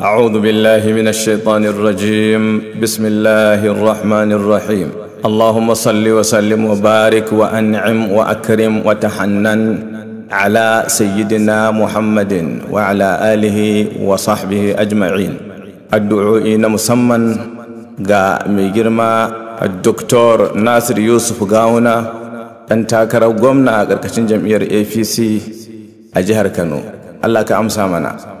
أعوذ بالله من الشيطان الرجيم بسم الله الرحمن الرحيم اللهم صل وسلم وبارك وأنعم وأكرم وتحنن على سيدنا محمد وعلى آله وصحبه أجمعين الدعوين مسمى ga ميجرما الدكتور ناصر يوسف Yusuf أنت ɗan takarar gwamna a APC أجهر jihar الله كأمسامنا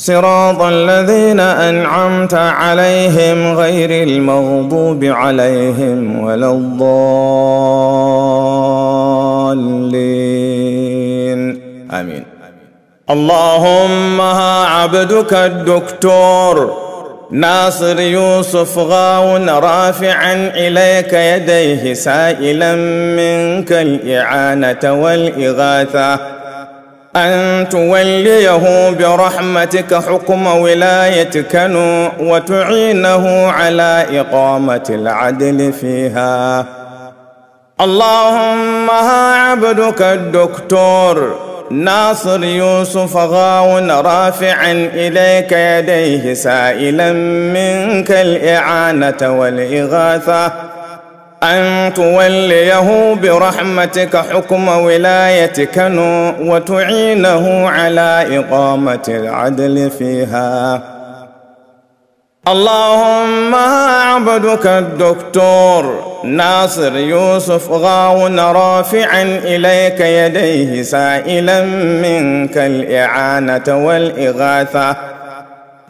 صراط الذين أنعمت عليهم غير المغضوب عليهم ولا الضالين آمين اللهم ها عبدك الدكتور ناصر يوسف غاون رافعا إليك يديه سائلا منك الإعانة والإغاثة أن توليه برحمتك حكم ولايتك وتعينه على إقامة العدل فيها اللهم ها عبدك الدكتور ناصر يوسف غاون رافعا إليك يديه سائلا منك الإعانة والإغاثة أن توليه برحمتك حكم ولايتك وتعينه على إقامة العدل فيها اللهم عبدك الدكتور ناصر يوسف غاون رافعا إليك يديه سائلا منك الإعانة والإغاثة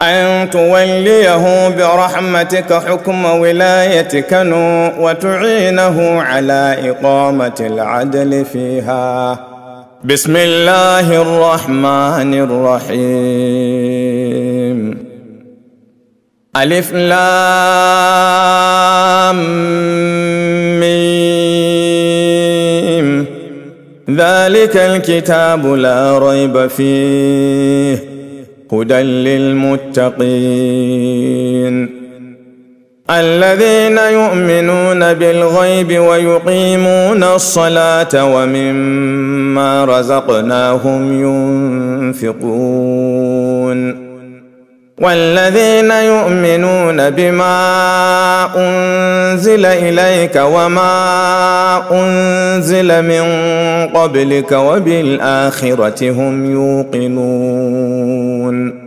أن توليه برحمتك حكم ولايتك نو وتعينه على إقامة العدل فيها بسم الله الرحمن الرحيم ألف لام ميم ذلك الكتاب لا ريب فيه هدى للمتقين الذين يؤمنون بالغيب ويقيمون الصلاة ومما رزقناهم ينفقون والذين يؤمنون بما انزل اليك وما انزل من قبلك وبالاخره هم يوقنون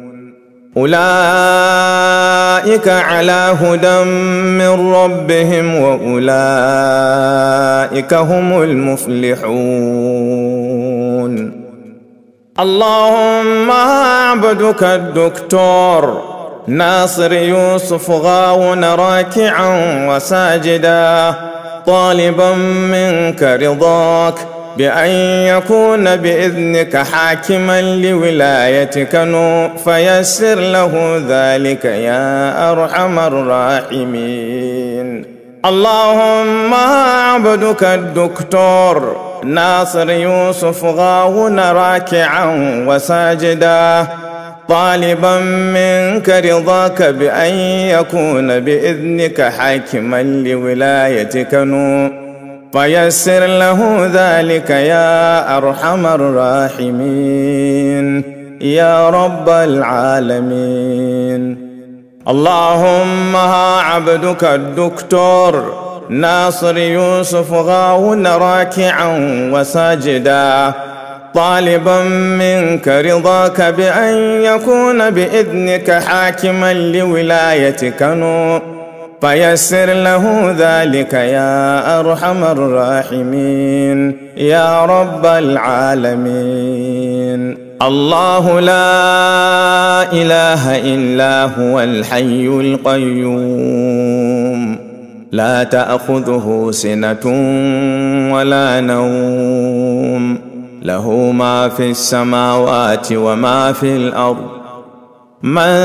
اولئك على هدى من ربهم واولئك هم المفلحون اللهم أعبدك الدكتور ناصر يوسف غاون راكعا وساجدا طالبا منك رضاك بأن يكون بإذنك حاكما لولايتك نو فيسر له ذلك يا أرحم الراحمين اللهم عبدك الدكتور ناصر يوسف غاون راكعا وساجدا طالبا منك رضاك بأن يكون بإذنك حاكما لولايتك نور فيسر له ذلك يا أرحم الراحمين يا رب العالمين اللهم ها عبدك الدكتور ناصر يوسف غاون راكعا وساجدا طالبا منك رضاك بأن يكون بإذنك حاكما لولايتك نور فيسر له ذلك يا أرحم الراحمين يا رب العالمين الله لا اله الا هو الحي القيوم لا تاخذه سنه ولا نوم له ما في السماوات وما في الارض من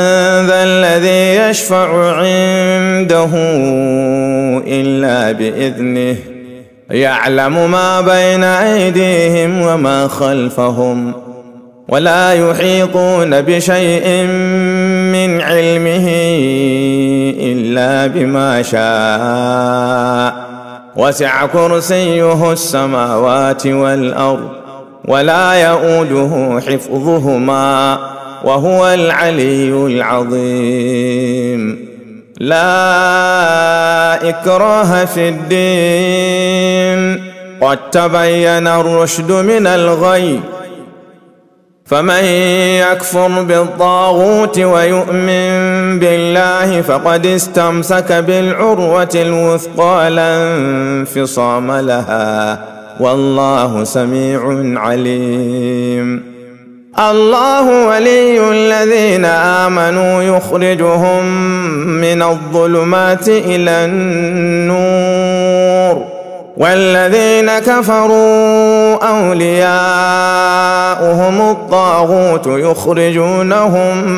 ذا الذي يشفع عنده الا باذنه يعلم ما بين ايديهم وما خلفهم ولا يحيطون بشيء من علمه الا بما شاء وسع كرسيه السماوات والارض ولا يئوده حفظهما وهو العلي العظيم لا اكراه في الدين قد تبين الرشد من الغي فمن يكفر بالطاغوت ويؤمن بالله فقد استمسك بالعروه الوثقى لا انفصام لها والله سميع عليم الله ولي الذين امنوا يخرجهم من الظلمات الى النور والذين كفروا اولياؤهم الطاغوت يخرجونهم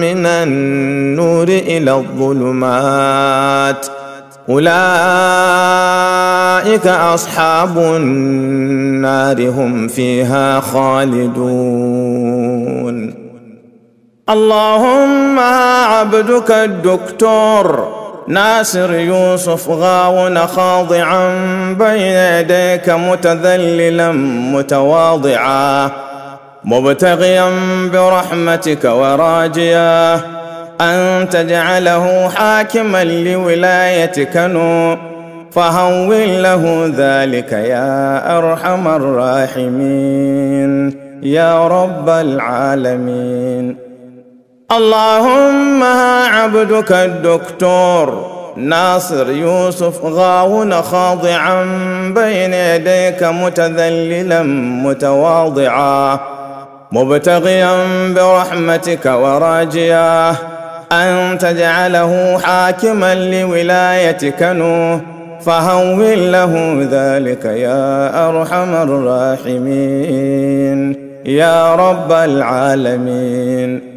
من النور الى الظلمات اولئك اصحاب النار هم فيها خالدون اللهم عبدك الدكتور ناصر يوسف غاون خاضعا بين يديك متذللا متواضعا مبتغيا برحمتك وراجيا أن تجعله حاكما لولايتك نو فهون له ذلك يا أرحم الراحمين يا رب العالمين اللهم ها عبدك الدكتور ناصر يوسف غاون خاضعا بين يديك متذللا متواضعا مبتغيا برحمتك وراجيا أن تجعله حاكما لولايتك نوح فهون له ذلك يا أرحم الراحمين يا رب العالمين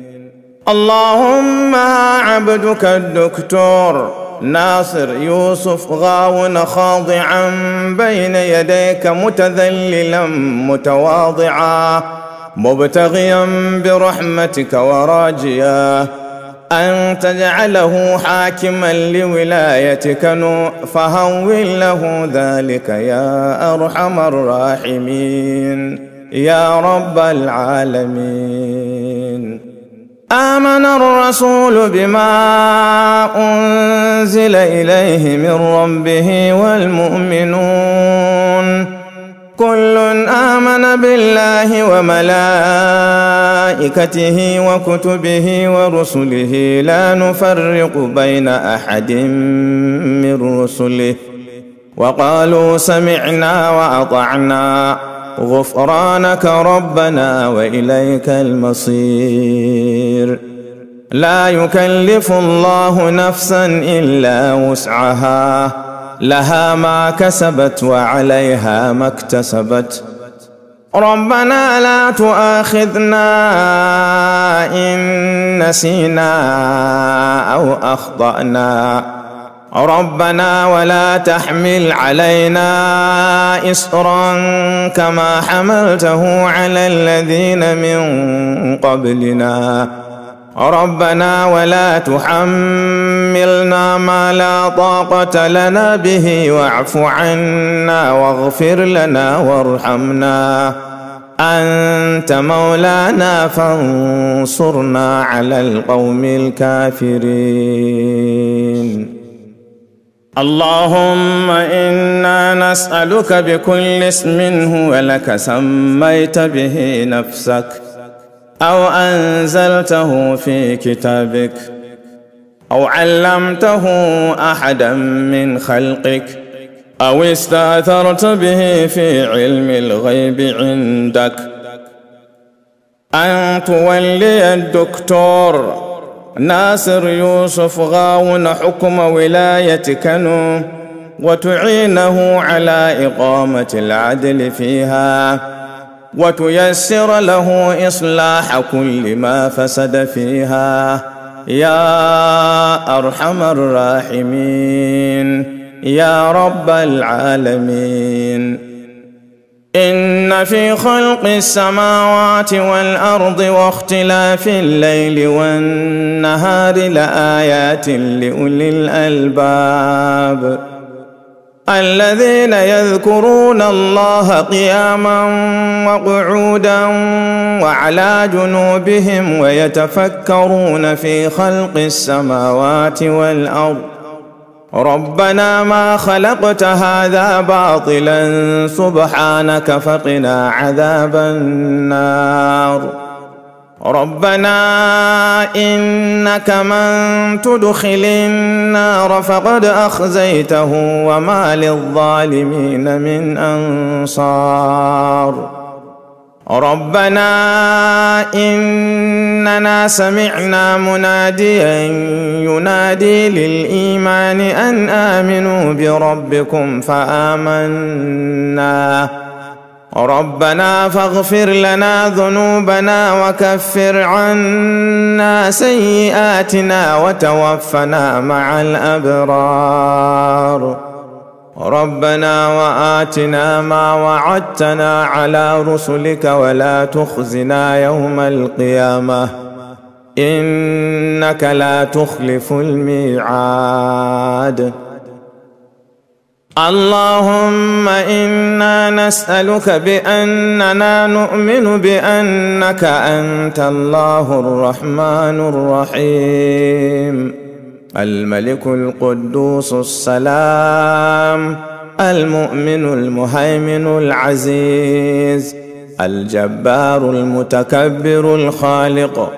اللهم عبدك الدكتور ناصر يوسف غاون خاضعا بين يديك متذللا متواضعا مبتغيا برحمتك وراجيا أن تجعله حاكما لولايتك فهون له ذلك يا أرحم الراحمين يا رب العالمين امن الرسول بما انزل اليه من ربه والمؤمنون كل امن بالله وملائكته وكتبه ورسله لا نفرق بين احد من رسله وقالوا سمعنا واطعنا غفرانك ربنا واليك المصير لا يكلف الله نفسا الا وسعها لها ما كسبت وعليها ما اكتسبت ربنا لا تؤاخذنا ان نسينا او اخطانا ربنا ولا تحمل علينا إسرا كما حملته على الذين من قبلنا ربنا ولا تحملنا ما لا طاقة لنا به واعف عنا واغفر لنا وارحمنا أنت مولانا فانصرنا على القوم الكافرين اللهم انا نسالك بكل اسم هو لك سميت به نفسك او انزلته في كتابك او علمته احدا من خلقك او استاثرت به في علم الغيب عندك ان تولي الدكتور ناصر يوسف غاون حكم ولاية كنو وتعينه على إقامة العدل فيها وتيسر له إصلاح كل ما فسد فيها يا أرحم الراحمين يا رب العالمين ان في خلق السماوات والارض واختلاف الليل والنهار لايات لاولي الالباب الذين يذكرون الله قياما وقعودا وعلى جنوبهم ويتفكرون في خلق السماوات والارض ربنا ما خلقت هذا باطلا سبحانك فقنا عذاب النار ربنا انك من تدخل النار فقد اخزيته وما للظالمين من انصار ربنا اننا سمعنا مناديا ينادي للايمان ان امنوا بربكم فامنا ربنا فاغفر لنا ذنوبنا وكفر عنا سيئاتنا وتوفنا مع الابرار ربنا واتنا ما وعدتنا على رسلك ولا تخزنا يوم القيامه انك لا تخلف الميعاد اللهم انا نسالك باننا نؤمن بانك انت الله الرحمن الرحيم الملك القدوس السلام المؤمن المهيمن العزيز الجبار المتكبر الخالق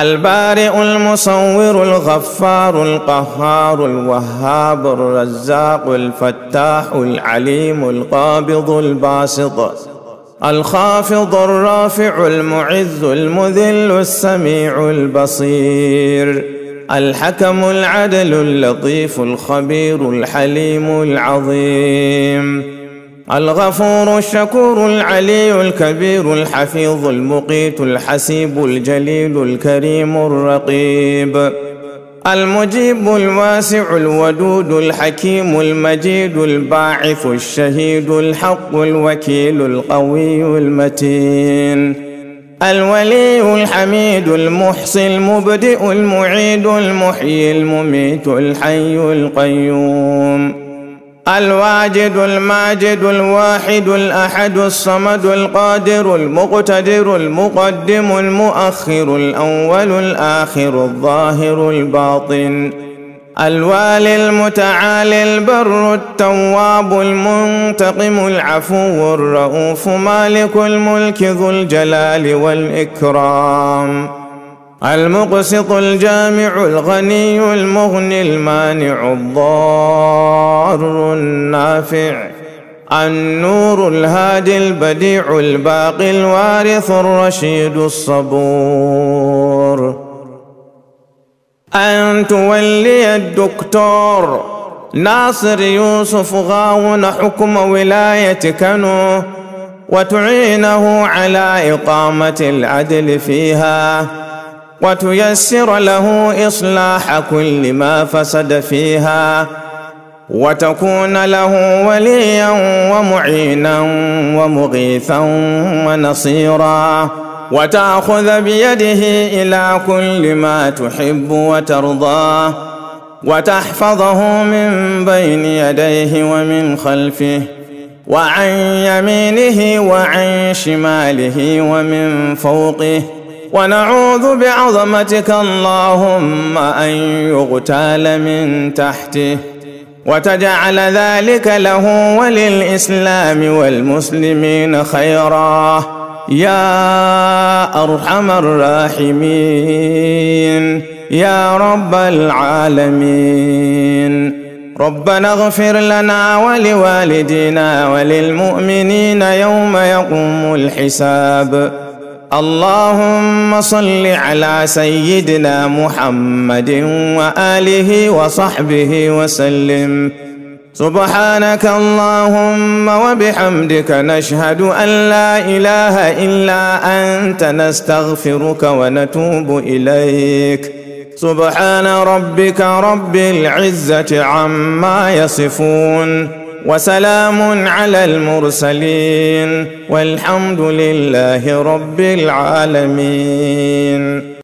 البارئ المصور الغفار القهار الوهاب الرزاق الفتاح العليم القابض الباسط الخافض الرافع المعز المذل السميع البصير الحكم العدل اللطيف الخبير الحليم العظيم الغفور الشكور العلي الكبير الحفيظ المقيت الحسيب الجليل الكريم الرقيب المجيب الواسع الودود الحكيم المجيد الباعث الشهيد الحق الوكيل القوي المتين الولي الحميد المحصي المبدئ المعيد المحيي المميت الحي القيوم الواجد الماجد الواحد الأحد الصمد القادر المقتدر المقدم المؤخر الأول الآخر الظاهر الباطن الوالي المتعالي البر التواب المنتقم العفو الرؤوف مالك الملك ذو الجلال والإكرام المقسط الجامع الغني المغني المانع الضار النافع النور الهادي البديع الباقي الوارث الرشيد الصبور أن تولي الدكتور ناصر يوسف غاون حكم ولاية كنو وتعينه على إقامة العدل فيها وتيسر له إصلاح كل ما فسد فيها وتكون له وليا ومعينا ومغيثا ونصيرا وتأخذ بيده إلى كل ما تحب وترضاه وتحفظه من بين يديه ومن خلفه وعن يمينه وعن شماله ومن فوقه ونعوذ بعظمتك اللهم أن يغتال من تحته وتجعل ذلك له وللإسلام والمسلمين خيراً يا ارحم الراحمين يا رب العالمين ربنا اغفر لنا ولوالدينا وللمؤمنين يوم يقوم الحساب اللهم صل على سيدنا محمد واله وصحبه وسلم سبحانك اللهم وبحمدك نشهد ان لا اله الا انت نستغفرك ونتوب اليك سبحان ربك رب العزه عما يصفون وسلام على المرسلين والحمد لله رب العالمين